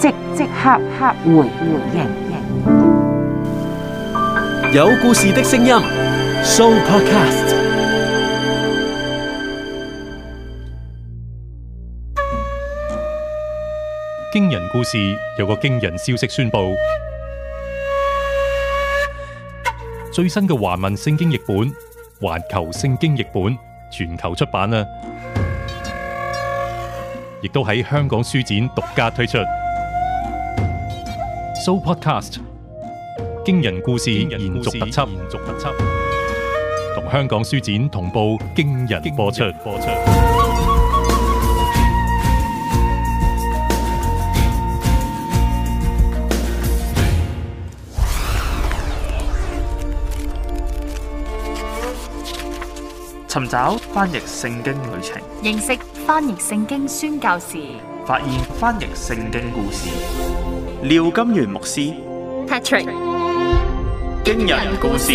即即刻刻刻回回應，有故事的聲音，So Podcast。驚人故事，有個驚人消息宣布，最新嘅華文聖經譯本，環球聖經譯本全球出版啊，亦都喺香港書展獨家推出。So Podcast，驚人故事延續特輯，延續特輯同香港書展同步驚人播出。尋找翻譯聖經旅程，認識翻譯聖經宣教士，發現翻譯聖經故事。廖金源牧師，Patrick，驚人故事。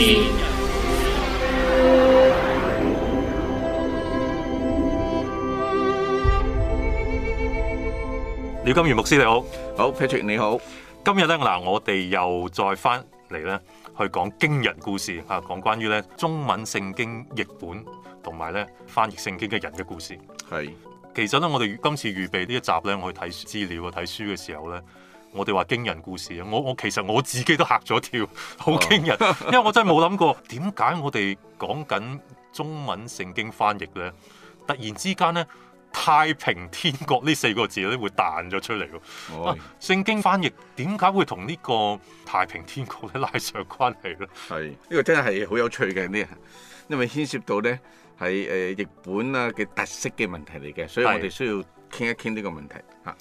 廖金源牧師你好，好 Patrick，你好。今日咧嗱，我哋又再翻嚟咧，去講驚人故事吓，講關於咧中文聖經譯本同埋咧翻譯聖經嘅人嘅故事。係，其實咧我哋今次預備呢一集咧，我去睇資料啊，睇書嘅時候咧。我哋話驚人故事啊！我我其實我自己都嚇咗一跳，好驚人，因為我真係冇諗過點解我哋講緊中文聖經翻譯呢，突然之間呢，太平天國呢四個字咧會彈咗出嚟喎、哎啊！聖經翻譯點解會同呢個太平天國咧拉上關係咧？係呢、呢個真係好有趣嘅啲、呢個，因為牽涉到呢係誒譯本啊嘅特色嘅問題嚟嘅，所以我哋需要傾一傾呢個問題嚇。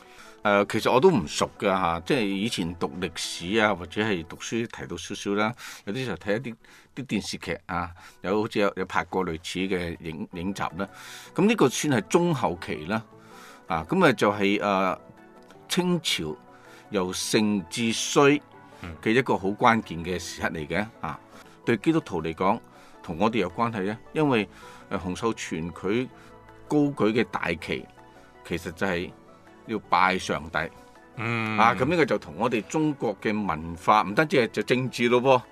誒，uh, 其實我都唔熟㗎吓、啊，即係以前讀歷史啊，或者係讀書提到少少啦。有啲就睇一啲啲電視劇啊，有好似有有拍過類似嘅影影集啦。咁、啊、呢個算係中後期啦，啊，咁、就係、啊就係誒清朝由盛至衰嘅一個好關鍵嘅時刻嚟嘅啊。對基督徒嚟講，同我哋有關係嘅，因為誒、啊、洪秀全佢高舉嘅大旗，其實就係、係。要拜上帝，嗯、啊咁呢個就同我哋中國嘅文化唔單止係就政治咯喎，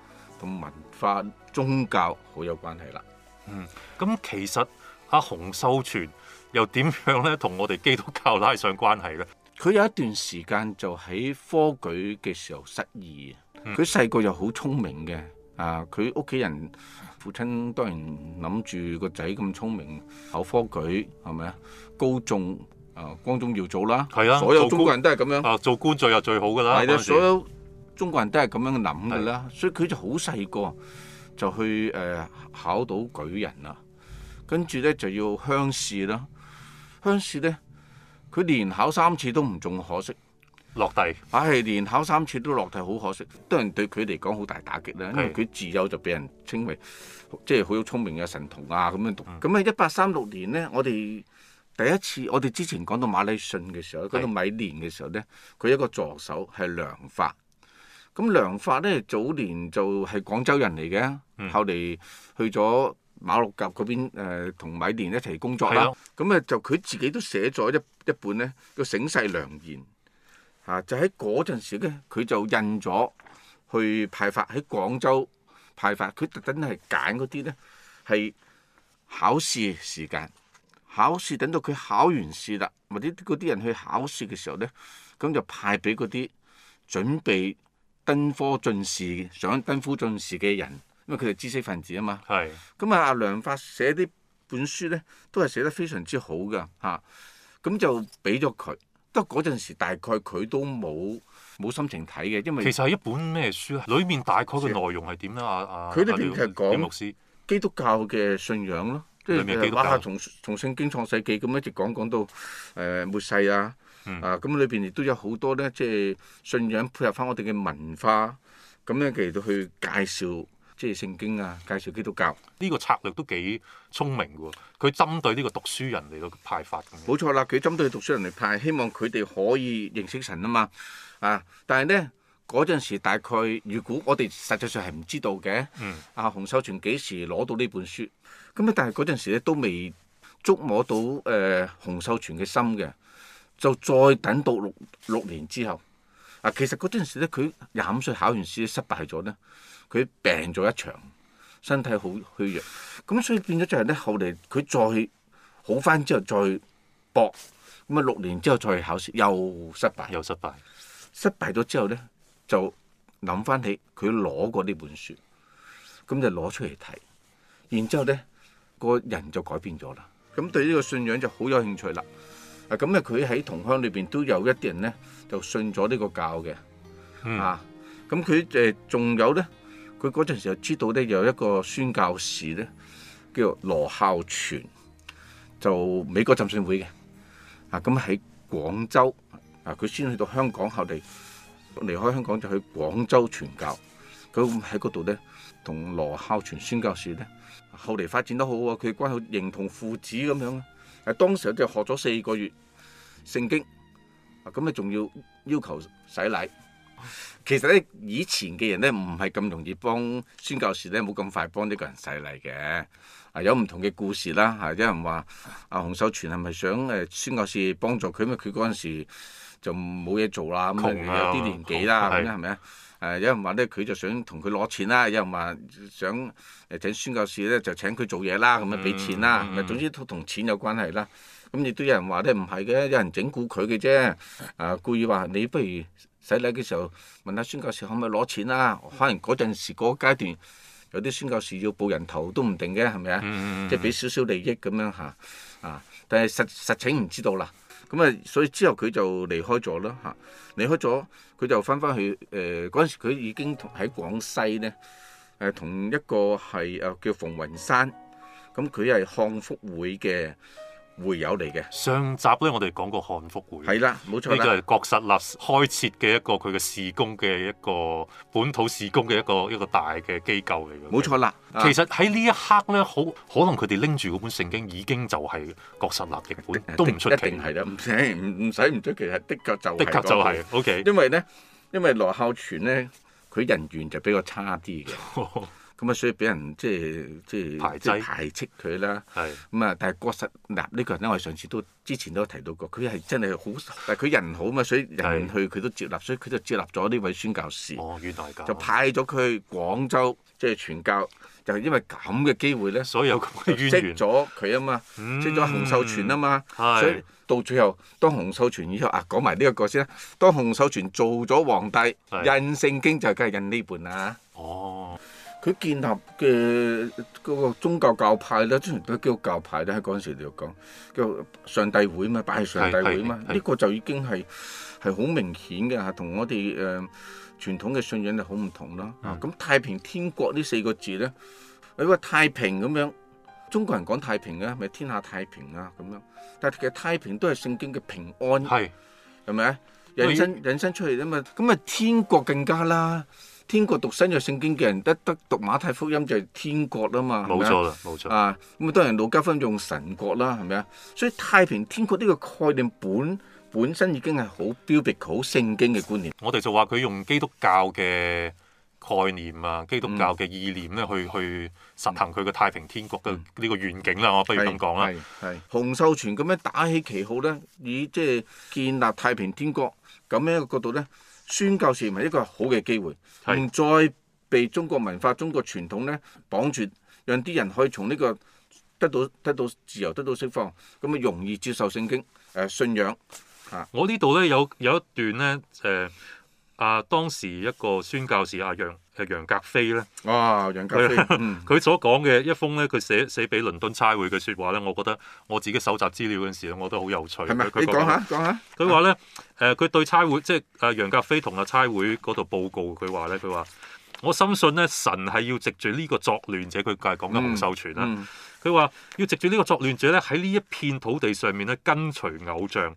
同文化宗教好有關係啦。嗯，咁其實阿洪秀全又點樣咧，同我哋基督教拉上關係咧？佢有一段時間就喺科舉嘅時候失意，佢細個又好聰明嘅，啊佢屋企人父親當然諗住個仔咁聰明考科舉係咪啊？高中。光宗耀祖啦，係的啊，所有中國人都係咁樣。啊，做官做又最好噶啦。係啦的，所有中國人都係咁樣諗噶啦，所以佢就好細個就去誒、呃、考到舉人啦，跟住咧就要鄉試啦。鄉試咧，佢連考三次都唔中，可惜落第，啊，係連考三次都落第好可惜，當然對人對佢嚟講好大打擊啦。的因為佢自幼就俾人稱為即係好有聰明嘅神童啊，咁樣讀。咁啊的，一八三六年咧，我哋。第一次，我哋之前講到馬禮遜嘅時候，講到米連嘅時候咧，佢一個助手係梁發。咁梁發咧，早年就係廣州人嚟嘅，後嚟去咗馬六甲嗰邊誒，同米連一齊工作啦。咁啊，就佢自己都寫咗一一本咧，叫《醒世良言》嚇，就喺嗰陣時咧，佢就印咗去派發喺廣州派發。佢特登係揀嗰啲咧，係考試時間，考試等到佢考完試啦，或者嗰啲人去考試嘅時候咧，咁就派俾嗰啲準備登科進士、想登科進士嘅人，因為佢哋知識分子啊嘛。係是。咁啊，阿梁發寫呢本書咧，都係寫得非常之好噶嚇。咁就俾咗佢，不過嗰陣時大概佢都冇冇心情睇嘅，因為其實係一本咩書啊？裏面大概嘅內容係點咧？阿阿佢哋平時講基督教嘅信仰咯。即係話從從聖經創世紀咁一直講講到誒末、呃、世啊，嗯、啊咁裏邊亦都有好多咧，即、就、係、是、信仰配合翻我哋嘅文化，咁樣其實都去介紹即係、就是、聖經啊，介紹基督教。呢個策略都幾聰明嘅喎，佢針對呢個讀書人嚟到派發。冇錯啦，佢針對讀書人嚟派，希望佢哋可以認識神啊嘛，啊！但係咧。嗰陣時大概，如果我哋實際上係唔知道嘅，阿、嗯啊、洪秀全幾時攞到呢本書？咁啊，但係嗰陣時咧都未觸摸到誒、呃、洪秀全嘅心嘅，就再等到六六年之後。啊，其實嗰陣時咧，佢廿五歲考完試失敗咗咧，佢病咗一場，身體好虛弱，咁所以變咗就係咧後嚟佢再好返之後再搏，咁啊六年之後再考試又失敗，又失敗，失敗咗之後咧。就諗翻起佢攞過呢本書，咁就攞出嚟睇，然之後咧個人就改變咗啦。咁對呢個信仰就好有興趣啦。啊，咁咧佢喺同鄉裏邊都有一啲人咧就信咗呢個教嘅。嗯。啊，咁佢誒仲有咧，佢嗰陣時就知道咧有一個宣教士咧叫做羅孝全，就美國浸信會嘅。啊，咁喺廣州啊，佢先去到香港後地。離開香港就去廣州傳教，佢喺嗰度咧同羅孝全宣教士咧，後嚟發展得好喎。佢關係形同父子咁樣啊。當時佢學咗四個月聖經，啊咁啊仲要要求洗禮。其實咧以前嘅人咧唔係咁容易幫宣教士咧，冇咁快幫呢個人洗禮嘅啊。有唔同嘅故事啦，啊有人話啊，洪秀全係咪想誒宣教士幫助佢？因為佢嗰陣時。就冇嘢做啦，咁、啊、有啲年紀啦，咁樣係咪啊？誒有人話咧，佢就想同佢攞錢啦；有人話想誒請宣教士咧，就請佢做嘢啦，咁樣俾錢啦。咪、嗯、總之同錢有關係啦。咁亦都有人話咧，唔係嘅，有人整蠱佢嘅啫。誒、啊、故意話你不如洗禮嘅時候問下宣教士可唔可以攞錢啦、啊？可能嗰陣時嗰階段有啲宣教士要報人頭都唔定嘅，係咪啊？嗯、即係俾少少利益咁樣嚇啊！但係實實，實情唔知道啦。咁啊、嗯，所以之後佢就離開咗啦嚇，離開咗，佢就翻返去誒，嗰陣時，佢已經喺廣西咧，誒、呃、同一個係啊，叫馮雲山，咁佢係漢福會嘅。會友嚟嘅，上集咧我哋講過漢福會，係啦，冇錯啦，呢就係郭實立開設嘅一個佢嘅事工嘅一個本土事工嘅一個一個大嘅機構嚟嘅，冇錯啦。其實喺呢一刻咧，好可能佢哋拎住嗰本聖經已經就係郭實立嘅本，的都唔出奇。一定係啦，唔使唔使唔出奇，係的確就、那個、的確就係、是、，OK。因為咧，因為羅孝全咧，佢人緣就比較差啲嘅。 咁啊、嗯，所以俾人即係即係排斥佢啦。咁是啊，但係郭實納呢個人咧，我哋上次都之前都提到過，佢係真係好，但係佢人好嘛，所以人去佢都接納，是所以佢就接納咗呢位宣教士。哦、就派咗佢去廣州，即係傳教。就係、因為咁嘅機會咧，所以有咁嘅緣。識咗佢啊嘛，識咗、嗯、洪秀全啊嘛，是所以到最後，當洪秀全以後啊，講埋呢個角色啦。當洪秀全做咗皇帝，印聖經就梗係印呢本啦。哦。佢建立嘅嗰個宗教教派咧，之前都叫教派咧喺嗰陣時嚟講，叫上帝會嘛，拜上帝會嘛，呢個就已經係係好明顯嘅，同我哋誒、呃、傳統嘅信仰就好唔同啦。咁是太平天國呢四個字咧，你話太平咁樣，中國人講太平咧，係咪天下太平啊咁樣，但係其實太平都係聖經嘅平安，係係咪引申引申出嚟啊嘛，咁啊天國更加啦。天國讀新約聖經嘅人，一得，得讀馬太福音就係天國啦嘛，冇錯啦，冇錯啊。咁錯啊，當然路加福音用神國啦，係咪啊？所以太平天國呢個概念本本身已經係好 biblical、好聖經嘅觀念。我哋就話佢用基督教嘅概念啊，基督教嘅意念咧，嗯、去去實行佢嘅太平天國嘅呢個願景啦。嗯、我不如咁講啦。係。洪秀全咁樣打起旗號咧，以即係建立太平天國咁樣一個角度咧。宣教士是唔係一個好嘅機會？唔是再被中國文化、中國傳統咧綁住，讓啲人可以從呢個得到得到自由、得到釋放，咁咪容易接受聖經誒、呃、信仰嚇。啊、我呢度咧有有一段咧誒、呃、啊，當時一個宣教士阿楊。係楊格非咧，啊、哦、楊格非，佢 所講嘅一封咧，佢寫寫俾倫敦差會嘅説話咧，我覺得我自己搜集資料嗰陣時咧，我都好有趣。係咪嗎？你講下，講下。佢話咧，誒佢、 呃、對差會，即係啊楊格非同阿差會嗰度報告，佢話咧，佢話我深信咧神係要藉住呢個作亂者，佢係講緊洪秀全啦。佢話、嗯嗯、要藉住呢個作亂者咧，喺呢一片土地上面咧，跟隨，隨偶像，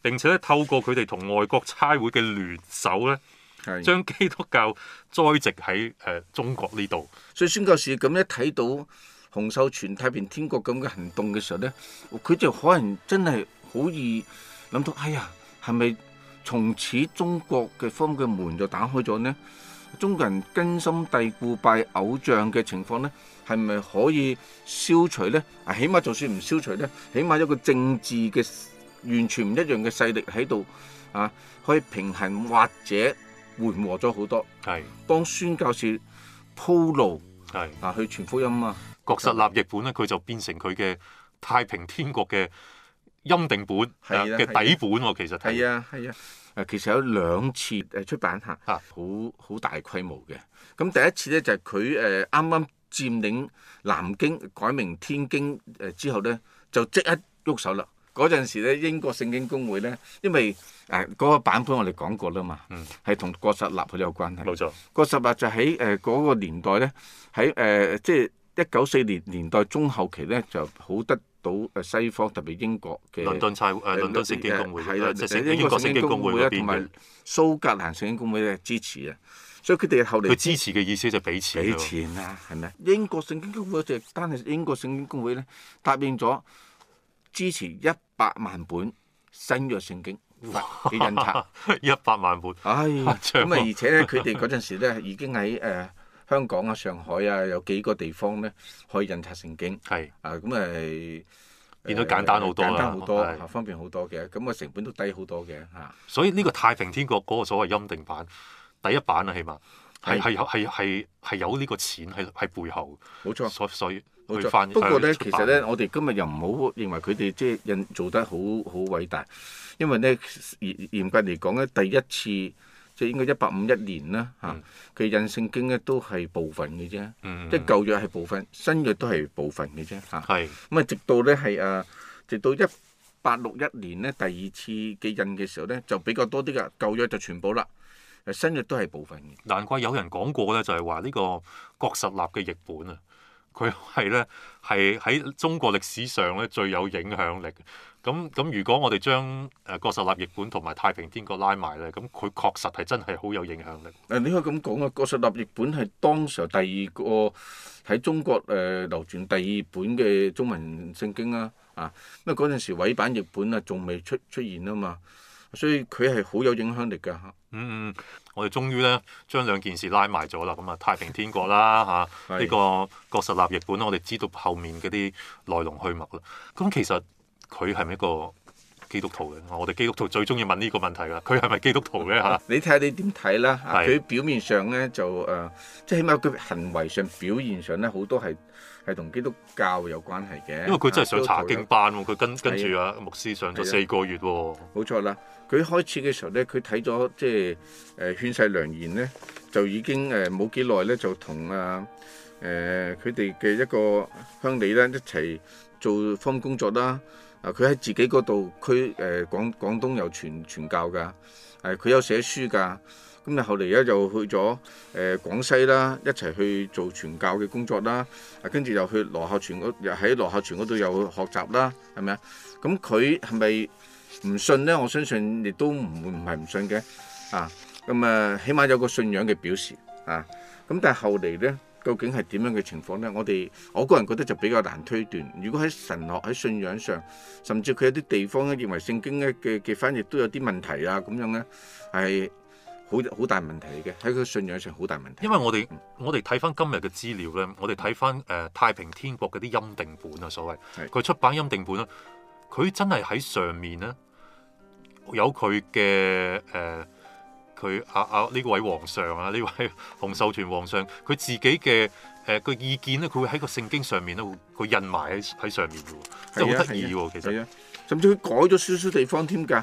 並且咧透過佢哋同外國差會嘅聯手咧。係將基督教栽植喺誒中國呢度，的所以宣教士咁一睇到洪秀全太平天國咁嘅行動嘅時候呢，佢就可能真係好易諗到，哎呀，係咪從此中國嘅方嘅門就打開咗呢？中國人根深蒂固拜偶像嘅情況呢，係咪可以消除呢？啊，起碼就算唔消除呢，起碼一個政治嘅完全唔一樣嘅勢力喺度啊，可以平衡或者，緩和咗好多，係幫孫教士鋪路，係是啊去傳福音啊。國實立譯本咧，佢就變成佢嘅太平天國嘅欽定本嘅，啊啊，底本喎。啊，其實係啊係啊，誒、啊，其實有兩次誒出版吓，吓好好大規模嘅。咁，啊，第一次咧就係佢誒啱啱佔領南京，改名天京誒之後咧，就即刻喐手啦。嗰陣時咧，英國聖經公會咧，因為誒嗰、呃那個版本我哋講過啦嘛，係同郭實立佢有關係。冇錯。郭實立就喺誒嗰個年代咧，喺誒即係一九四年年代中後期咧，就好得到誒西方特別英國嘅、呃，倫敦差誒，倫敦聖經公會係啦，英國聖經公會同埋蘇格蘭聖經公會咧支持啊，所以佢哋後嚟。佢支持嘅意思就俾錢。俾錢啊，係咪英國聖經公會就係單係英國聖經公會咧，答應咗。支持一百萬本新約聖經嘅印刷？一百萬本。咁啊，而且咧，佢哋嗰陣時咧已經喺誒香港啊、上海啊有幾個地方咧可以印刷聖經。係。啊，咁啊，變咗簡單好多啦，方便好多嘅，咁啊成本都低好多嘅嚇。所以呢個太平天國嗰個所謂欽定版，第一版啊，起碼係係有係係係有呢個錢喺喺背後。冇錯。所所以。不過咧，其實咧，我哋今日又唔好認為佢哋即係印做得好好偉大，因為咧嚴嚴格嚟講咧，第一次即係應該一八五一年啦嚇，佢、嗯啊、印聖經咧都係部分嘅啫，嗯、即係舊約係部分，新約都係部分嘅啫嚇。係、啊。咁是啊，直到咧係誒，直到一八六一年咧，第二次嘅印嘅時候咧，就比較多啲㗎，舊約就全部啦，誒，新約都係部分嘅。難怪有人講過咧，就係話呢個國十立嘅譯本啊。佢係咧，係喺中國歷史上咧最有影響力。咁咁，如果我哋將誒《郭實立譯本》同埋《太平天國》拉埋咧，咁佢確實係真係好有影響力。誒，你可以咁講啊，《郭實立譯本》係當時候第二個喺中國誒流傳第二本嘅中文聖經啦。啊，因為嗰陣時委辦譯本啊，仲未出出現啊嘛。所以佢係好有影響力㗎。嗯嗯，我哋終於咧將兩件事拉埋咗啦。咁啊，太平天國啦，嚇呢個國實立譯本我哋知道後面嗰啲來龍去脈啦。咁其實佢係咪一個基督徒嘅？我哋基督徒最中意問呢個問題啦。佢係咪基督徒咧？嚇？你睇下你點睇啦？佢表面上咧就誒，即係起碼佢行為上表現上咧好多係係同基督教有關係嘅。因為佢真係想查經班喎，佢跟跟住啊牧師上咗四個月喎。冇錯啦。佢開始嘅時候咧，佢睇咗即係誒、呃、勸世良言咧，就已經誒冇幾耐咧，就同啊誒佢哋嘅一個鄉里咧一齊做方工作啦。啊，佢喺自己嗰度，佢誒廣廣東有傳傳教噶，誒、啊、佢有寫書噶。咁、嗯、你後嚟咧就去咗誒、呃、廣西啦，一齊去做傳教嘅工作啦。啊，跟住又去羅孝全嗰又喺羅孝全嗰度又學習啦，係咪啊？咁佢係咪？嗯嗯嗯嗯唔信咧，我相信亦都唔會唔係唔信嘅啊！咁、嗯、啊，起碼有個信仰嘅表示啊！咁但係後嚟咧，究竟係點樣嘅情況咧？我哋我個人覺得就比較難推斷。如果喺神學喺信仰上，甚至佢有啲地方咧認為聖經咧嘅嘅翻譯都有啲問題啊，咁樣咧係好好大問題嘅喺佢信仰上好大問題。因為我哋、嗯、我哋睇翻今日嘅資料咧，我哋睇翻誒太平天國嗰啲陰定本啊，所謂佢出版陰定本啦，佢真係喺上面咧。有佢嘅誒，佢阿阿呢位皇上啊，呢位洪秀全皇上，佢自己嘅誒個意見咧，佢會喺個聖經上面咧，佢印埋喺喺上面嘅，即係好得意嘅。其實，啊啊啊，甚至佢改咗少少地方添噶，誒、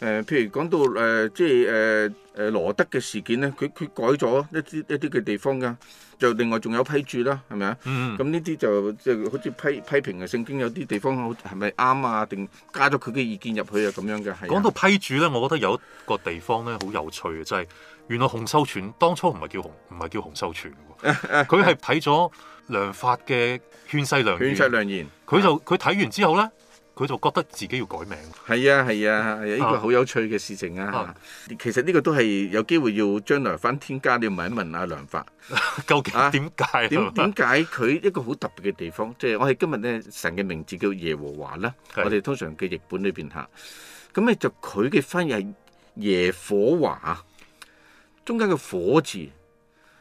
呃，譬如講到誒、呃，即係誒誒羅德嘅事件咧，佢佢改咗一啲一啲嘅地方噶就另外仲有批注啦，係咪、嗯、啊？咁呢啲就即係好似批批評啊，聖經有啲地方好係咪啱啊？定加咗佢嘅意見入去啊？咁樣嘅係。講到批注咧，我覺得有一個地方咧好有趣嘅，就係、是、原來洪秀全當初唔係叫洪，唔係叫洪秀全，佢係睇咗梁發嘅勸世良勸世良言，佢就佢睇完之後咧。佢就覺得自己要改名。係啊係啊，呢個好有趣嘅事情啊！啊其實呢個都係有機會要將來翻添加，你問一問阿梁發， 究竟點解？點點解佢一個好特別嘅地方？即、就、係、是、我哋今日咧，神嘅名字叫耶和華啦。是我哋通常嘅譯本裏邊吓，咁咧就佢嘅翻譯係耶火華，中間嘅火字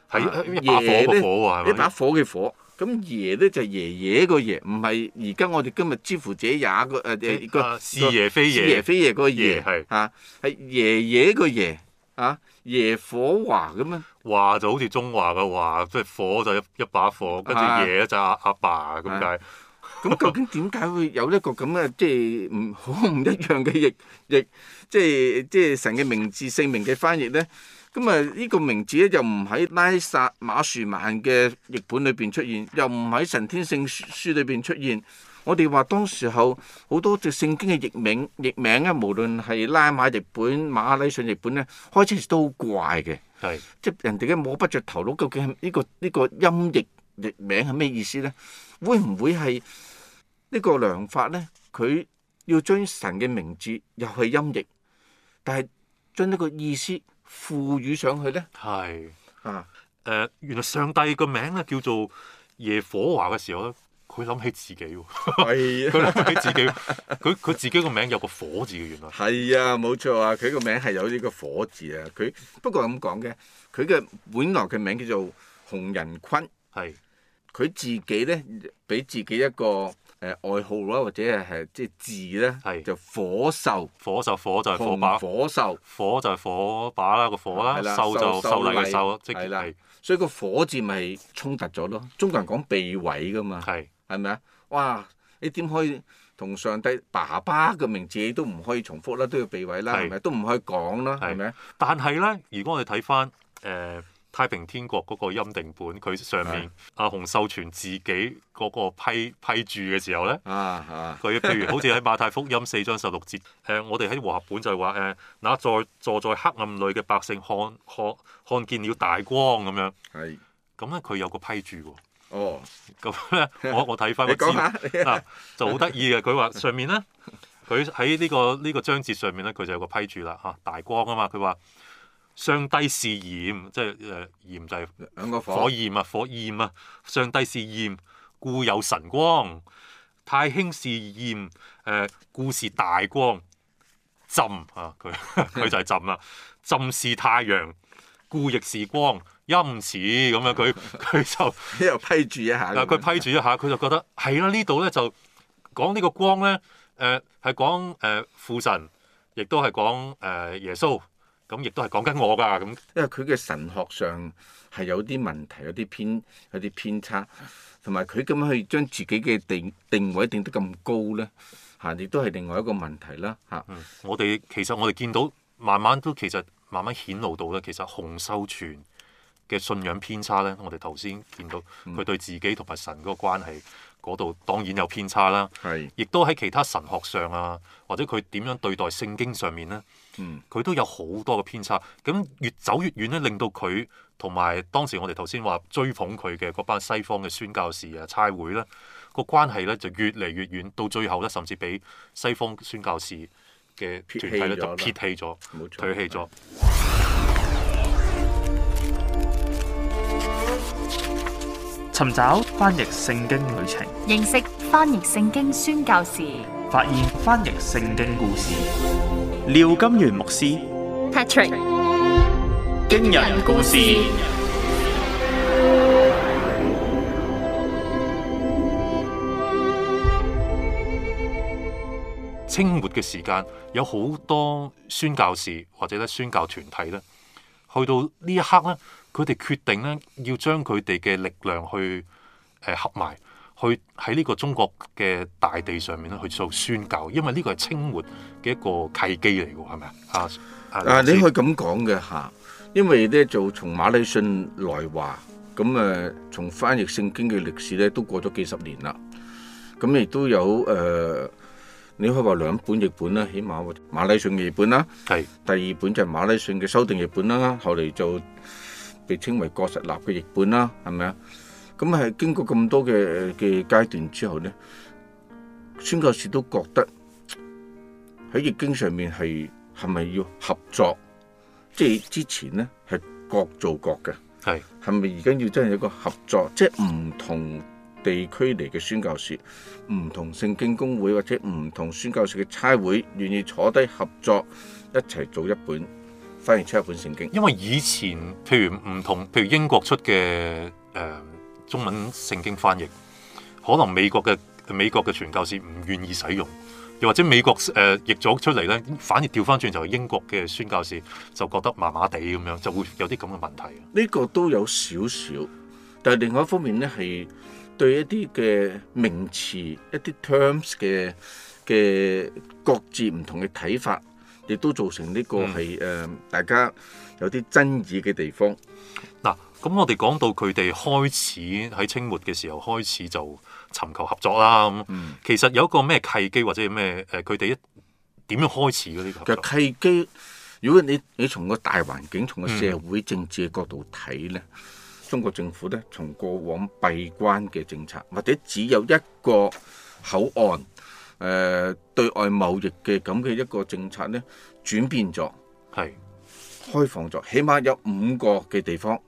係耶火咧，一把火嘅火。呢吧咁爺咧就是、爺爺個爺，唔係而家我哋今日之乎者也個誒誒個似爺非爺，似爺非爺個爺嚇，係爺，是、啊、爺爺個爺嚇、啊，爺火華咁啊！華就好似中華嘅華，即係火就一一把火，跟住爺就阿阿、啊啊啊、爸咁解。咁、啊、 究竟點解會有一個咁嘅即係唔好唔一樣嘅譯譯，譯，即係即係神嘅名字聖名嘅翻譯咧？咁啊！呢個名字咧，又唔喺拉撒馬樹曼嘅譯本裏邊出現，又唔喺神天聖書書裏邊出現。我哋話當時候好多隻聖經嘅譯名譯名咧，無論係拉馬譯本、馬禮遜譯本咧，開始時都好怪嘅。係是即係人哋嘅摸不着頭腦，究竟係呢個呢個音譯譯名係咩意思咧？會唔會係呢個良法咧？佢要將神嘅名字又係音譯，但係將呢個意思，賦予上去咧，係是啊誒、呃，原來上帝個名咧叫做耶火華嘅時候咧，佢諗起自己喎，係佢諗起自己，佢佢、啊、 自己個名有個火字嘅原來，係啊冇錯啊，佢、啊、個名係有呢個火字啊，佢不過咁講嘅，佢嘅本來嘅名叫做洪仁坤，係佢是自己咧，俾自己一個。誒愛好啦，或者係係即係字咧，就火壽。火就火就係火把。火壽。火就係火把啦，個火啦，係啦，壽就壽禮壽咯，即係。所以個火字咪衝突咗咯。中國人講避諱噶嘛，係咪啊？哇！你點可以同上帝爸爸嘅名字都唔可以重複啦，都要避諱啦，係咪都唔可以講啦，係咪？但係咧，如果我哋睇翻誒。太平天國嗰個欽定本，佢上面阿是、啊、洪秀全自己嗰個批批注嘅時候咧，佢譬、啊啊、如 好似喺馬太福音四章十六節，誒、呃，我哋喺和合本就係話誒，那、呃、在坐在黑暗裏嘅百姓看看看見了大光咁樣，係是，咁咧佢有個批注喎，哦、oh.，咁咧我我睇翻個字，嗱、 啊、就好得意嘅，佢話上面咧，佢喺呢個呢個章節上面咧，佢就有個批注啦，嚇、啊、大光啊嘛，佢話。上帝視炎，即係誒炎就係火炎啊，火炎啊！上帝視炎，故有神光。太興視炎，誒、呃、故是大光。朕啊，佢佢就係朕啦。朕 視太陽，故亦是光。因此咁樣，佢佢就 又批注一下。佢 批注一下，佢就覺得係啦。呢度咧就講呢個光咧，誒係講誒父神，亦都係講誒耶穌。咁亦都係講緊我㗎，咁因為佢嘅神學上係有啲問題、有啲偏、有啲偏差，同埋佢咁樣去將自己嘅定定位定得咁高咧，嚇、啊，亦都係另外一個問題啦，嚇、啊嗯。我哋其實我哋見到慢慢都其實慢慢顯露到啦，其實洪秀全嘅信仰偏差咧，我哋頭先見到佢對自己同埋神嗰個關係嗰度當然有偏差啦。係。亦都喺其他神學上啊，或者佢點樣對待聖經上面咧？佢、嗯、都有好多嘅偏差，咁越走越遠咧，令到佢同埋當時我哋頭先話追捧佢嘅嗰班西方嘅宣教士啊、差會咧，個關係咧就越嚟越遠，到最後咧甚至畀西方宣教士嘅團體咧就撇棄咗，冇錯退棄咗。尋找翻譯聖經旅程，認識翻譯聖經宣教士，發現翻譯聖經故事。廖金元牧師，Patrick，驚人故事。清末嘅時間有好多宣教士，或者咧宣教團體咧，去到呢一刻咧，佢哋決定咧要將佢哋嘅力量去誒、呃、合埋。去喺呢個中國嘅大地上面咧，去做宣教，因為呢個係清末嘅一個契機嚟嘅，係咪啊？啊，你可以咁講嘅嚇，因為咧就從馬禮遜來華，咁、嗯、誒從翻譯聖經嘅歷史咧都過咗幾十年啦，咁、嗯、亦都有誒、呃，你可以話兩本譯本啦，起碼馬禮遜嘅譯本啦，係是第二本就係馬禮遜嘅修訂譯本啦，後嚟就被稱為郭實臘嘅譯本啦，係咪啊？咁係經過咁多嘅嘅階段之後咧，宣教士都覺得喺《易經》上面係係咪要合作？即係之前咧係各做各嘅，係係咪而家要真係一個合作？即係唔同地區嚟嘅宣教士，唔同聖經公會或者唔同宣教士嘅差會，願意坐低合作一齊做一本，翻譯出一本聖經。因為以前譬如唔同，譬如英國出嘅誒。呃中文聖經翻譯，可能美國嘅美國嘅傳教士唔願意使用，又或者美國誒、呃、譯咗出嚟呢，反而調翻轉就係英國嘅宣教士就覺得麻麻地咁樣，就會有啲咁嘅問題。呢個都有少少，但係另外一方面呢，係對一啲嘅名詞、一啲 terms 嘅嘅各自唔同嘅睇法，亦都造成呢個係誒、嗯、大家有啲爭議嘅地方。咁我哋講到佢哋開始喺清末嘅時候開始就尋求合作啦。咁其實有一個咩契機或者係咩誒佢哋點樣開始嘅呢個契機？如果你你從個大環境、從個社會政治嘅角度睇咧，嗯、中國政府咧從過往閉關嘅政策，或者只有一個口岸誒、呃、對外貿易嘅咁嘅一個政策咧，轉變咗，係是開放咗，起碼有五個嘅地方。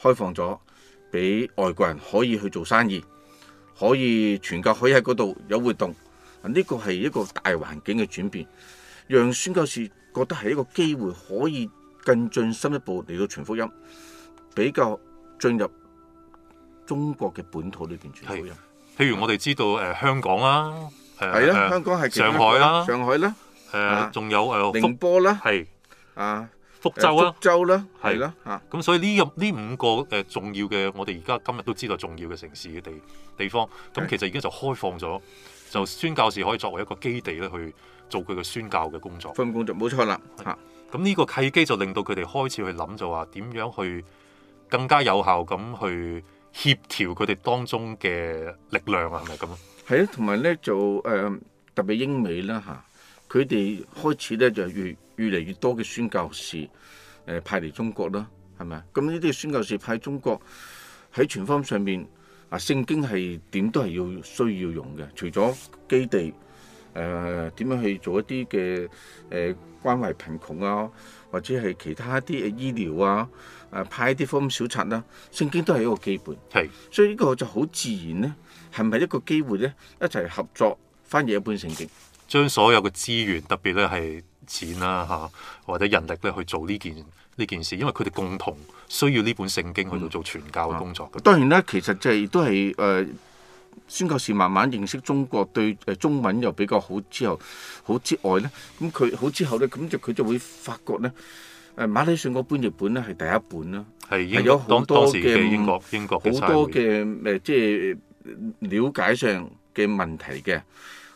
開放咗俾外國人可以去做生意，可以傳教，可以喺嗰度有活動。啊，呢個係一個大環境嘅轉變，讓宣教士覺得係一個機會，可以更進深一步嚟到傳福音，比較進入中國嘅本土裏邊傳福音。譬如我哋知道誒香港啦，係、呃、啦，香港係、啊呃啊、上海啦、啊啊，上海啦、啊，誒仲、呃、有誒、呃、寧波啦，係啊。是啊福州啦，啊，係啦、啊，嚇咁是的所以呢呢五個誒重要嘅，我哋而家今日都知道重要嘅城市嘅地地方，咁其實已經就開放咗，的就宣教士可以作為一個基地咧去做佢嘅宣教嘅工作。宣教工作冇錯啦，嚇咁呢個契機就令到佢哋開始去諗就話點樣去更加有效咁去協調佢哋當中嘅力量啊，係咪咁？係啊，同埋咧就誒、呃、特別英美啦嚇，佢哋開始咧就越。越嚟越多嘅宣教士，誒、呃、派嚟中國啦，係咪啊？咁呢啲宣教士派中國喺全方位上面啊，聖經係點都係要需要用嘅。除咗基地誒，點、呃、樣去做一啲嘅誒關懷貧窮啊，或者係其他一啲嘅醫療啊，誒、啊、派一啲福音小冊啦、啊，聖經都係一個基本。係是，所以呢個就好自然咧，係咪一個機會咧？一齊合作翻譯一本聖經，將所有嘅資源，特別咧係。錢啦、啊、嚇，或者人力咧去做呢件呢件事，因為佢哋共同需要呢本聖經去到做傳教嘅工作。嗯、當然咧，其實就係都係誒宣教士慢慢認識中國對誒、呃、中文又比較好之後，好之外咧，咁佢好之後咧，咁就佢就會發覺咧，誒、呃、馬禮遜嗰本譯本咧係第一本啦，係英有好多嘅英國英國好多嘅誒、呃，即係了解上嘅問題嘅。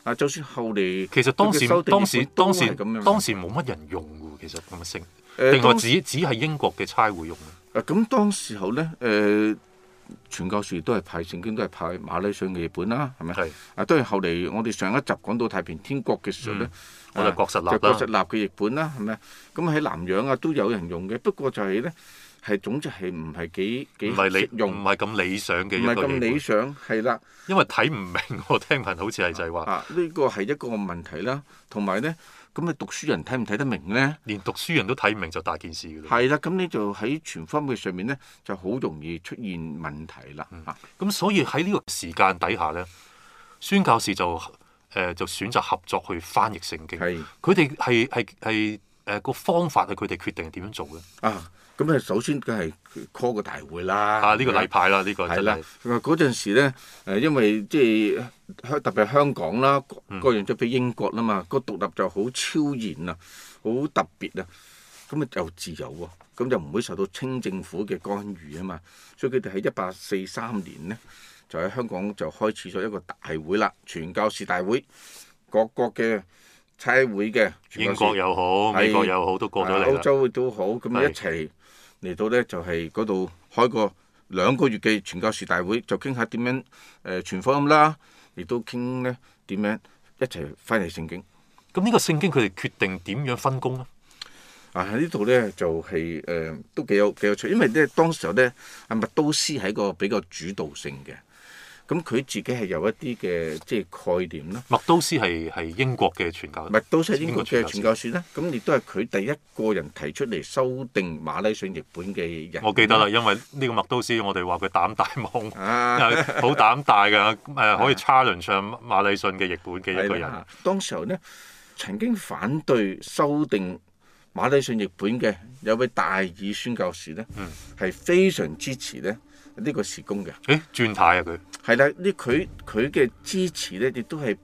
啊！就算後嚟，其實當時當時當時當時冇乜人用喎，其實咁嘅聲，定係只只係英國嘅差會用嘅。呃呃、啊！咁當時候咧，誒是，傳教士都係派聖經，都係派馬禮遜嘅譯本啦，係咪？係啊，都係後嚟我哋上一集講到太平天國嘅時候咧、嗯，我哋郭實立啦、啊，就郭實立嘅譯本啦、啊，係咪？咁、嗯、喺、嗯、南洋啊都有人用嘅，不過就係咧。係總之係唔係幾幾唔係你用唔係咁理想嘅一個咁理想，係啦。因為睇唔明我聽聞好似係就係、是、話。呢、啊啊啊這個係一個問題啦，同埋咧，咁、嗯、你讀書人睇唔睇得明咧？連讀書人都睇唔明就大件事㗎啦。係啦，咁你就喺全方面上面咧，就好容易出現問題啦。啊、嗯！咁所以喺呢個時間底下咧，宣教士就誒、呃、就選擇合作去翻譯聖經。佢哋係係係誒個方法係佢哋決定係點樣做嘅。啊！咁誒，首先梗係 call 個大會啦，的的呢個例牌啦，呢個真係。嗱，嗰陣時咧，誒因為即係香特別係香港啦，個、嗯、樣就畀英國啦嘛，個獨立就好超然啊，好特別啊。咁啊又自由喎，咁就唔會受到清政府嘅干預啊嘛。所以佢哋喺一八四三年咧，就喺香港就開始咗一個大會啦，傳教士大會，各國嘅差會嘅。全英國又好，是美國又好，都過咗嚟啦。歐洲都好，咁一齊。嚟到咧就係嗰度開個兩個月嘅傳教士大會，就傾下點樣誒傳福音啦，亦都傾咧點樣一齊翻嚟聖經。咁呢個聖經佢哋決定點樣分工咧？啊，喺呢度咧就係、是、誒、呃、都幾有幾有趣，因為咧當時咧阿麥都斯係一個比較主導性嘅。咁佢自己係有一啲嘅即係概念咯。麥都斯係係英國嘅傳教。麥都斯係英國嘅傳教士啦，咁亦都係佢第一個人提出嚟修訂馬禮遜譯本嘅人。我記得啦，因為呢個麥都斯，我哋話佢膽大妄，好 膽大嘅誒，可以差輪上馬禮遜嘅譯本嘅一個人。當時候咧，曾經反對修訂馬禮遜譯本嘅有位大耳宣教士咧，係、嗯、非常支持咧。呢個時工嘅，誒，轉態啊佢，係啦，呢佢佢嘅支持咧，亦都係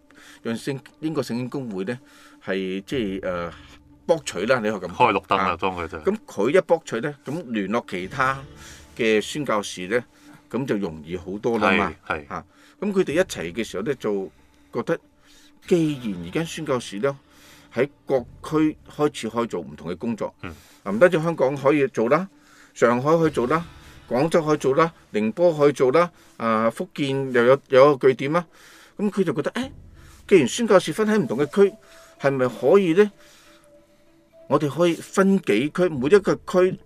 讓聖英國聖經公會咧，係即係誒、呃、博取啦，你話咁，開綠燈啊，當佢就係，咁佢一博取咧，咁聯絡其他嘅宣教士咧，咁就容易好多啦嘛，係，嚇，咁佢哋一齊嘅時候咧，就覺得既然而家宣教士咧喺各區開始可以做唔同嘅工作，唔單、嗯、止香港可以做啦，上海可以做啦。廣州可以做啦，寧波可以做啦，啊、呃、福建又有有一個據點啦，咁、嗯、佢就覺得誒、哎，既然宣教士分喺唔同嘅區，係咪可以呢？我哋可以分幾區，每一個區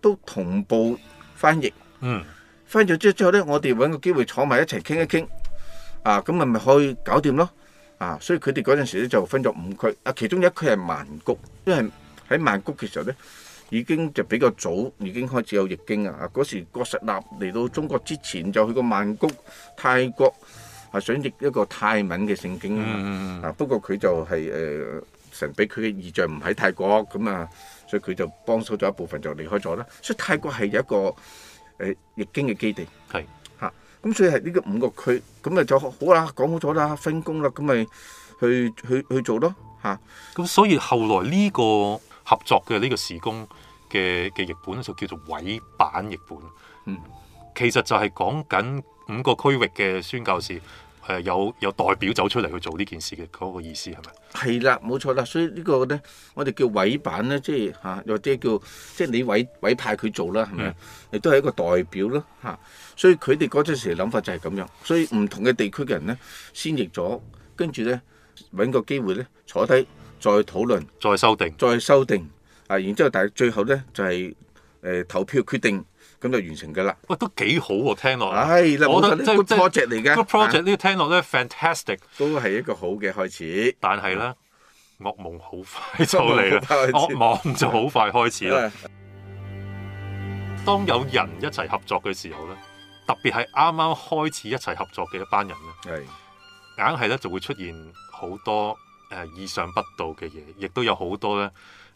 都同步翻譯、嗯啊，嗯，翻譯咗之後之後呢，我哋揾個機會坐埋一齊傾一傾，啊咁咪咪可以搞掂咯，啊所以佢哋嗰陣時就分咗五區，啊其中一區係曼谷，因為喺曼谷嘅時候呢。已經就比較早已經開始有譯經啊！嗰時郭實臘嚟到中國之前就去過曼谷、泰國，係想譯一個泰文嘅聖經啊。不過佢就係誒神俾佢嘅意象唔喺泰國，咁啊，所以佢就幫手咗一部分就離開咗啦。所以泰國係有一個誒譯經嘅基地。係嚇，咁所以係呢個五個區，咁啊就好啦，講好咗啦，分工啦，咁咪去去去做咯嚇。咁所以後來呢個。合作嘅呢個時工嘅嘅譯本就叫做委辦譯本，嗯，其實就係講緊五個區域嘅宣教士，誒、呃、有有代表走出嚟去做呢件事嘅嗰、那個意思係咪？係啦，冇錯啦，所以個呢個咧，我哋叫委辦咧，即係嚇，或者叫即係你委委派佢做啦，係咪？亦、嗯、都係一個代表啦，嚇、啊，所以佢哋嗰陣時嘅諗法就係咁樣，所以唔同嘅地區嘅人咧，先譯咗，跟住咧揾個機會咧坐低，再討論，再修訂，再修訂啊！然之後，但係最後咧就係誒投票決定，咁就完成㗎喇。喂，都幾好喎！聽落，係，我都即即 project 嚟嘅。project 呢聽落咧 fantastic，都係一個好嘅開始。但係咧，惡夢好快就嚟啦！惡夢就好快開始啦。當有人一齊合作嘅時候咧，特別係啱啱開始一齊合作嘅一班人咧，係硬係咧就會出現好多。誒意想不到嘅嘢，亦都有好多咧。誒、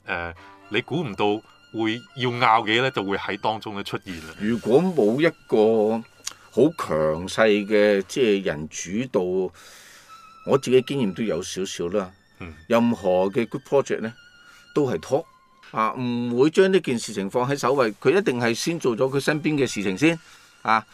呃，你估唔到會要拗嘅咧，就會喺當中咧出現啦。如果冇一個好強勢嘅即係人主導，我自己經驗都有少少啦。任何嘅 good project 咧都係拖啊，唔會將呢件事情放喺首位。佢一定係先做咗佢身邊嘅事情先啊。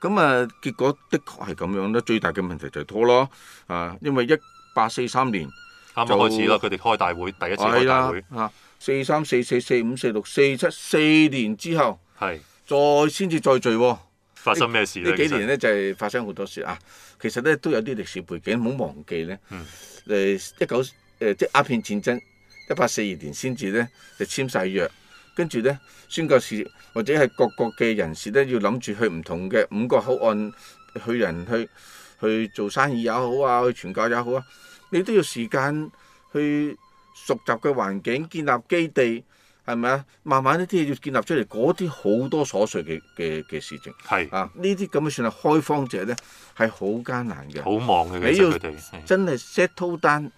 咁啊，結果的確係咁樣啦。最大嘅問題就係拖咯啊，因為一八四三年。啱啱開始啦！佢哋就開大會，第一次開大會吓，四三四四四五四六四七四年之後，係的再先至再聚喎。發生咩事咧？呢幾年咧就係、是、發生好多事啊！其實咧都有啲歷史背景，唔好忘記咧。嗯。一九誒即係鴉片戰爭一八四二年先至咧就簽晒約，跟住咧宣教士或者係各國嘅人士咧要諗住去唔同嘅五個口岸去人去去做生意也好啊，去傳教也好啊。你都要時間去熟習嘅環境，建立基地，係咪啊？慢慢呢啲嘢要建立出嚟，嗰啲好多瑣碎嘅嘅嘅事情係啊，呢啲咁嘅算係開荒者咧，係好艱難嘅，好忙嘅。你要真係 settle down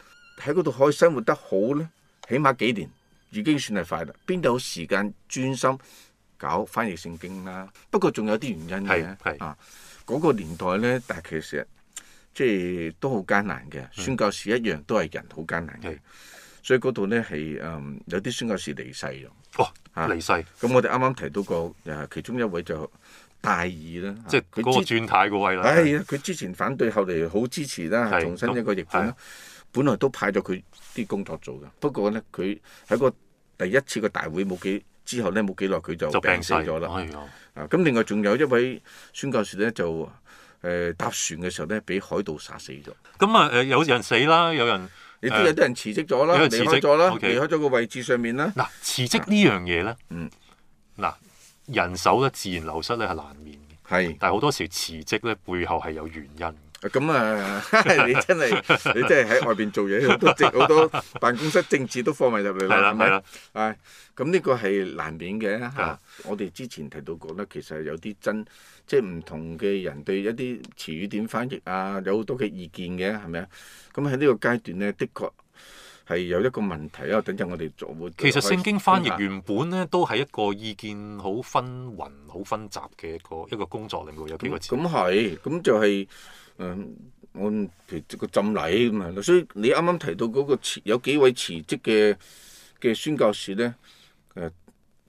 喺嗰度可以生活得好咧，是起碼幾年已經算係快啦。邊度有時間專心搞翻譯聖經啦？不過仲有啲原因嘅，啊嗰個年代咧，但其實。即係都好艱難嘅，宣教士一樣都係人好艱難嘅。所以嗰度咧係誒有啲宣教士離世咗。哦，離世。咁我哋啱啱提到過誒其中一位就戴爾啦。即係佢。轉個太位啦。係啊，佢之前反對，後嚟好支持啦，重新一個譯本本來都派咗佢啲工作做㗎，不過咧佢喺個第一次個大會冇幾之後咧冇幾耐佢就病死咗啦。啊咁，另外仲有一位宣教士咧就。誒搭船嘅時候咧，俾海盜殺死咗。咁啊誒，有人死啦，有人，亦都有啲人辭職咗啦，離開咗啦，離開咗個位置上面啦。嗱辭職呢樣嘢咧，嗱人手咧自然流失咧係難免嘅。係，但係好多時辭職咧背後係有原因嘅。咁啊，你真係你真係喺外邊做嘢，都積好多辦公室政治都放埋入嚟啦。係啦係啦，啊咁呢個係難免嘅。嚇，我哋之前提到過咧，其實有啲真。即係唔同嘅人對一啲詞語點翻譯啊，有好多嘅意見嘅，係咪啊？咁喺呢個階段咧，的確係有一個問題啊。等陣我哋做會。其實聖經翻譯原本咧都係一個意見好紛紜、好紛雜嘅一個一個工作嚟嘅，有幾個字。咁係，咁就係、是、誒，我、嗯、譬如個浸禮，咁係，所以你啱啱提到嗰個辭，有幾位辭職嘅嘅宣教士咧，誒、呃、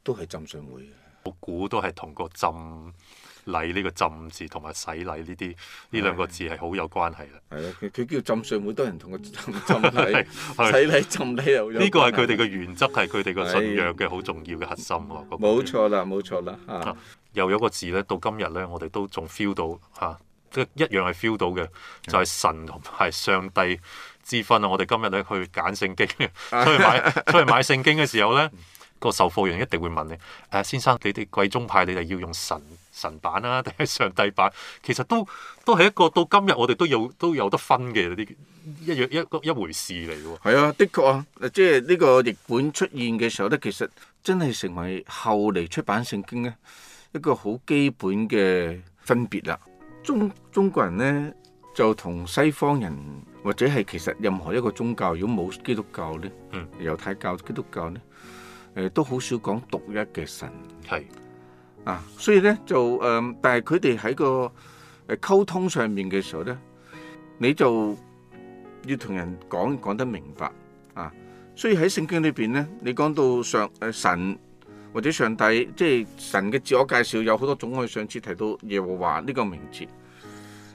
都係浸信會嘅。我估都係同個浸禮呢、呢個浸字同埋洗禮呢啲呢兩個字係好有關係嘅。係啦，佢佢叫浸上，好多人同佢浸洗洗禮浸呢泥。呢個 的係佢哋嘅原則，係佢哋嘅信仰嘅好重要嘅核心。冇錯啦，冇錯啦。又有、啊、個字咧，到今日咧，我哋都仲 feel 到嚇、啊，一樣係 feel 到嘅，就係、是、神同係上帝之分啊！ 我哋今日咧去揀聖經，出 去買出去，去買聖經嘅時候咧，個售貨員一定會問你誒、啊啊，先生，你哋貴宗派你哋要用神。神版啦、啊，定係上帝版？其實都都係一個到今日我哋都有都有得分嘅啲一樣一個一回事嚟喎。係啊，的確啊，即係呢個譯本出現嘅時候咧，其實真係成為後嚟出版聖經咧一個好基本嘅分別啦。中中國人咧就同西方人或者係其實任何一個宗教，如果冇基督教咧，猶、嗯、太教基督教咧，誒、呃、都好少講獨一嘅神係。啊，所以咧就誒、嗯，但係佢哋喺個誒、呃、溝通上面嘅時候咧，你就要同人講講得明白啊。所以喺聖經裏邊咧，你講到上誒、呃、神或者上帝，即係神嘅自我介紹有好多種，我上次提到耶和華呢個名字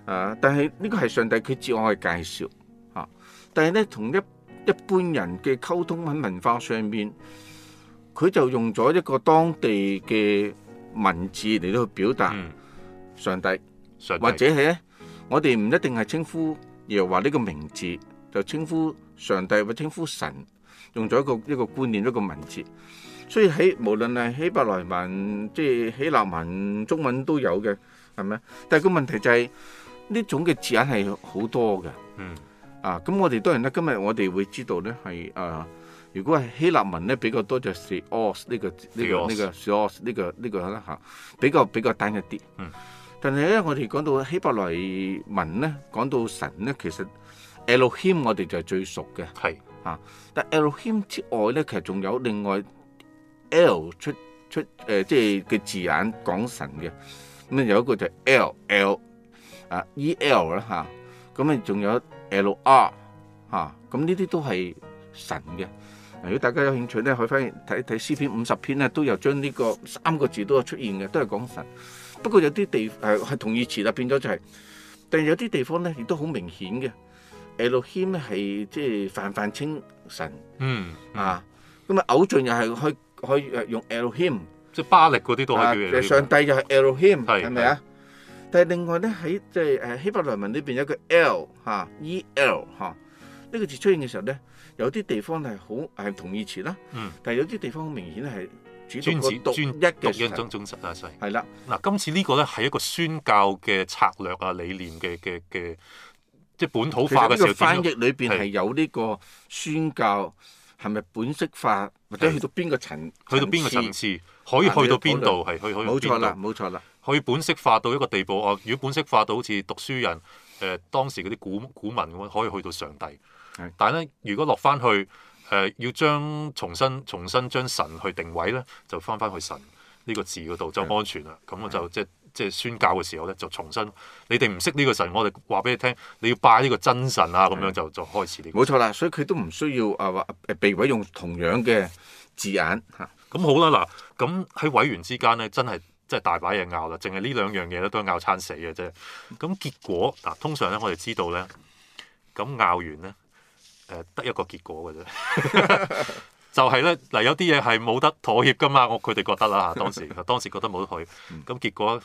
啊，但係呢個係上帝佢自我嘅介紹嚇、啊。但係咧同一一般人嘅溝通喺文化上面，佢就用咗一個當地嘅。文字嚟到去表達上帝，嗯、上帝或者係咧，嗯、我哋唔一定係稱呼，而係話呢個名字就稱呼上帝，或稱呼神，用咗一個一個觀念一個文字。所以喺無論係希伯來文、即係希臘文、中文都有嘅，係咪？但係個問題就係、是、呢種嘅字眼係好多嘅，嗯啊，咁我哋當然啦，今日我哋會知道咧係啊。呃如果係希臘文咧，比較多就係 os 呢個呢個呢個 source 呢個呢個啦嚇，比較比較單一啲。嗯，但係咧，我哋講到希伯來文咧，講到神咧，其實 Elohim 我哋就係最熟嘅，係啊。但 Elohim 之外咧，其實仲有另外 l 出出誒，即係嘅字眼講神嘅咁啊，有一個就 l l 啊 e l 啦嚇，咁啊仲有 l r 嚇，咁呢啲都係神嘅。如果大家有興趣咧，可以翻去睇睇詩篇五十篇咧，都有將呢個三個字都有出現嘅，都係講神。不過有啲地誒係同義詞啦，變咗就係。但係有啲地方咧，亦都好明顯嘅。Elohim 係即係泛泛稱神，啊，咁、就是嗯嗯、啊，偶像又係可以可以誒用 Elohim，即係巴力嗰啲都可以。上帝又係 Elohim，係咪啊？但係另外咧喺即係誒希伯來文呢邊有個 L 嚇，E L 嚇，呢個字出現嘅時候咧。有啲地方係好係同義詞啦，嗯，但係有啲地方明顯係主導個獨一嘅忠忠實啊，細係啦。嗱，今次呢個咧係一個宣教嘅策略啊、理念嘅嘅嘅，即係本土化嘅時候。其實呢個翻譯裏邊係有呢個宣教係咪本色化，或者去到邊個層？去到邊個層次可以去到邊度？係去去邊度？冇錯啦，冇錯啦。可以本色化到一個地步哦！如果本色化到好似讀書人。誒當時嗰啲古古文可以去到上帝，但係咧如果落翻去誒、呃、要將重新重新將神去定位咧，就翻翻去神呢個字嗰度就安全啦。咁的我就的即即宣教嘅時候咧，就重新你哋唔識呢個神，我哋話俾你聽，你要拜呢個真神啊，咁樣就就開始個。冇錯啦，所以佢都唔需要啊話被委用同樣嘅字眼嚇。咁好啦，嗱咁喺委員之間咧，真係。即係大把嘢拗啦，淨係呢兩樣嘢咧都係拗餐死嘅啫。咁結果嗱，通常咧我哋知道咧，咁拗完咧，誒得一個結果嘅啫，就係咧嗱有啲嘢係冇得妥協噶嘛。我佢哋覺得啦，當時當時覺得冇得妥協，咁結果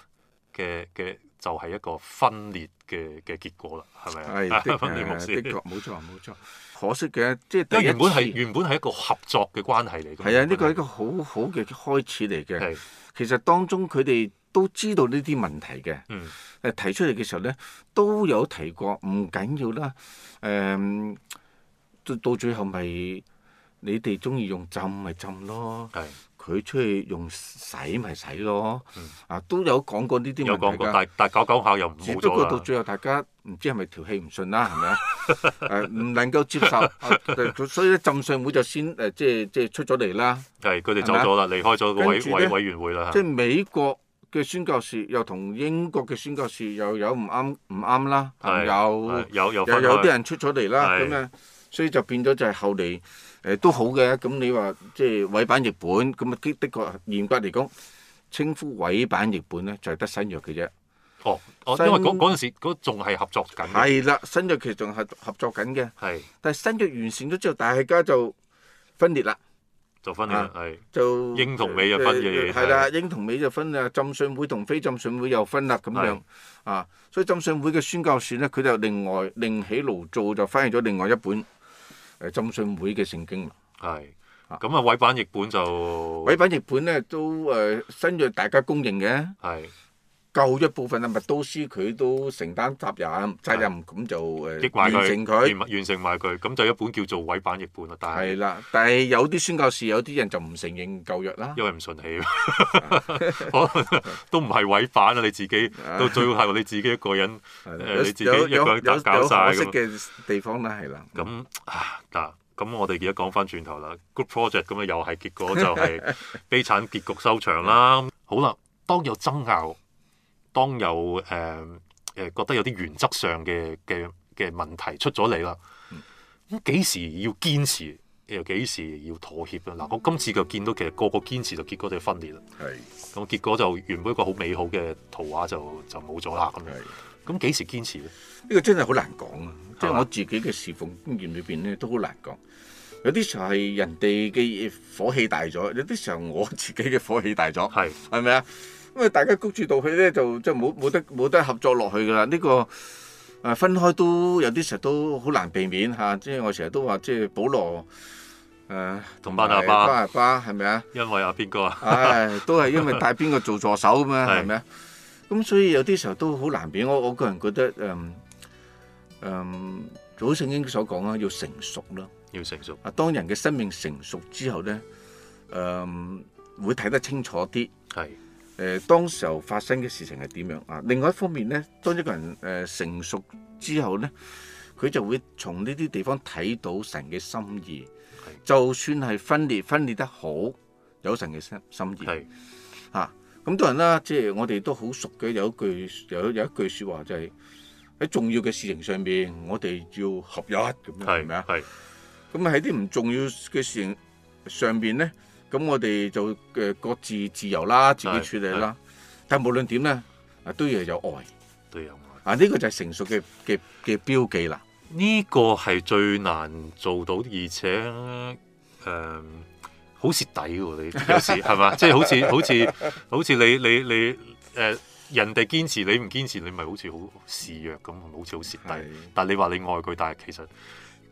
嘅嘅就係一個分裂嘅嘅結果啦，係咪啊？係分裂模式，冇錯冇錯。可惜嘅，即係原本係原本係一個合作嘅關係嚟。係啊，呢個係一個好好嘅開始嚟嘅。其實當中佢哋都知道呢啲問題嘅，誒、嗯、提出嚟嘅時候咧，都有提過，唔緊要啦。誒、嗯，到到最後咪、就是、你哋中意用浸咪浸咯。嗯。係。佢出去用洗咪洗咯啊，啊都有講過呢啲。有講過，但但搞搞下又。唔好，過到最後，大家唔知係咪條氣唔順啦，係咪啊？誒唔能夠接受，所以咧，浸信會就先誒即係即係出咗嚟啦。係佢哋走咗啦，離開咗個吧委委委員會啦。即係美國嘅宣教士又同英國嘅宣教士又有唔啱唔啱啦，又有有有啲人出咗嚟啦，咁啊，所以就變咗就係後嚟。誒都好嘅，咁你話即係委辦譯本，咁啊的的確嚴格嚟講，稱呼委辦譯本咧就係得新約嘅啫。哦，因為嗰嗰陣時嗰仲係合作緊。係啦，新約其實仲係合作緊嘅。係。但係新約完善咗之後，大家就分裂啦。就分裂係。就。英同美就分嘅嘢。係啦，英同美就分啊，浸信會同非浸信會又分啦咁樣。係。啊，所以浸信會嘅宣教士咧，佢就另外另起爐灶，就翻譯咗另外一本。誒浸信會嘅聖經啦，係咁啊，偉版譯本就偉版譯本咧都、呃、新約大家公認嘅，舊約部分啊，麥都思佢都承擔責任、責任咁就誒、呃、完成佢，完成埋佢，咁就一本叫做委辦譯本啦。係啦，但係有啲宣教士，有啲人就唔承認舊約啦。因為唔順氣，都唔係委辦啦，你自己 到最後你自己一個人， 你自己一個人打交曬咁。識嘅地方啦，係啦。咁嗱，咁 我哋而家講翻轉頭啦，Good Project 咁又係結果就係悲慘結局收場啦。 好啦，當有爭拗。當有誒誒、呃、覺得有啲原則上嘅嘅嘅問題出咗嚟啦，咁幾、嗯、時要堅持又幾時要妥協啊？嗱，我今次就見到其實個個堅持就結果就分裂啦。係是，咁結果就原本一個好美好嘅圖畫就就冇咗啦。咁係是，咁幾時堅持咧？呢個真係好難講啊！即、就、係、是、我自己嘅侍奉經驗裏邊咧，都好難講。有啲時候係人哋嘅火氣大咗，有啲時候我自己嘅火氣大咗，係係咪啊？因為大家谷住道氣咧，就即係冇冇得冇得合作落去噶啦。呢個誒分開都有啲時候都好難避免吓、啊。即係我成日都話，即係保羅誒，同巴拿巴，巴拿巴係咪啊？哎、因為阿邊個啊？都係因為帶邊個做助手咁、啊、嘛，係咪？咁 是所以有啲時候都好難免。我我個人覺得誒誒、嗯嗯，照聖經所講啊，要成熟咯，要成熟。啊，當人嘅生命成熟之後咧，誒、嗯、會睇得清楚啲係。誒、呃、當時候發生嘅事情係點樣啊？另外一方面咧，當一個人誒成熟之後咧，佢就會從呢啲地方睇到神嘅心意。Okay. 就算係分裂，分裂得好，有神嘅心心意。係 Okay.、啊，咁當然啦，即係我哋都好熟嘅，有一句有有一句説話就係、是、喺重要嘅事情上邊，我哋要合一咁 Okay. 樣，係咪 Okay. 啊？係 Okay.。咁喺啲唔重要嘅事情上邊咧？咁我哋就誒各自自由啦，自己處理啦。但係無論點咧，啊都要有愛，都要有愛。啊，呢個就係成熟嘅嘅嘅標記啦。呢個係最難做到，而且誒、呃、好蝕底喎。你有時係嘛？即係 好似好似好似你你你誒、呃、人哋堅持你唔堅持你，你咪好似好示弱咁，好似好蝕底。是但係你話你愛佢，但係其實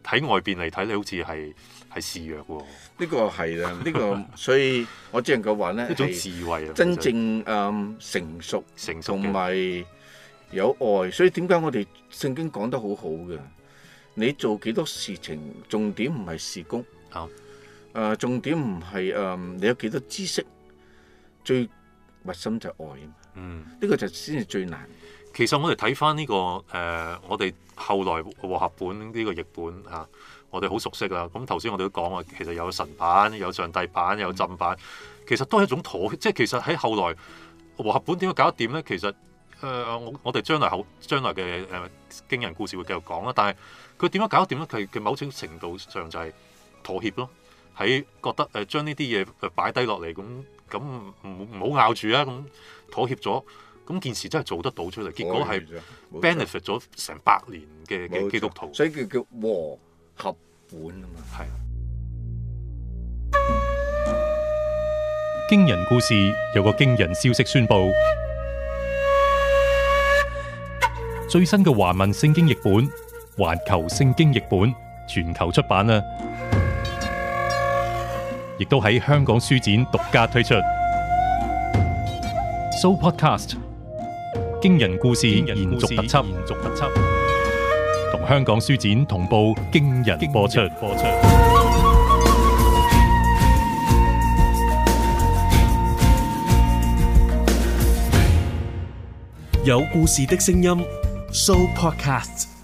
喺外邊嚟睇，你好似係。係示弱喎，呢個係啊，呢個所以我只能夠話咧，一種智慧啊，真正誒成熟，成熟同埋有愛，所以點解我哋聖經講得好好嘅？你做幾多事情，重點唔係事工啊，誒，uh, 重點唔係誒，你有幾多知識，最核心就係愛啊，嗯，呢個就先至最難。其實我哋睇返呢個誒、呃，我哋後來和合本呢、這個譯本啊。我哋好熟悉啦，咁頭先我哋都講話，其實有神版、有上帝版、有浸版，其實都係一種妥協。即係其實喺後來和合本點樣搞掂咧？其實誒誒，我我哋將來後將來嘅誒驚人故事會繼續講啦。但係佢點樣搞掂咧？佢嘅某種程度上就係妥協咯。喺覺得誒將呢啲嘢擺低落嚟，咁咁唔唔好拗住啊，咁妥協咗，咁件事真係做得到出嚟，結果係 benefit 咗成百年嘅基督徒，所以叫叫和合本啊嘛係，經人故事有個驚人消息宣布，最新嘅華文聖經譯本，環球聖經譯本全球出版啦，亦都喺香港書展獨家推出。So Podcast，經人故事延續特輯。同香港書展同步驚人播出，有故事的聲音，Show Podcast。